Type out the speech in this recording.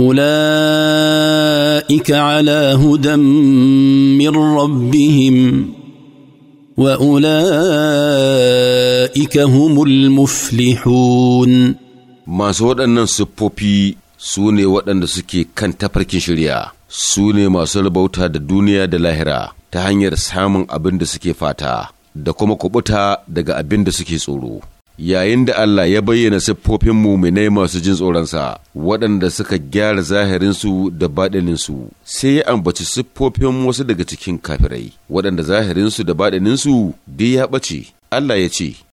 اولئك على rabbihim, wa ربهم واولئك هم المفلحون masu waɗannan siffofi su ne waɗanda suke kan tafarkin shirya su ne masu rabauta da duniya da lahira ta hanyar samun abin da suke fata da kuma kubuta daga abin da suke tsoro yayin da Allah ya bayyana siffofin muminai masu jin tsoronsa waɗanda suka gyara zahirinsu da baɗininsu sai ya ambaci siffofin wasu daga cikin kafirai waɗanda zahirinsu da baɗininsu dai ya ɓace Allah ya ce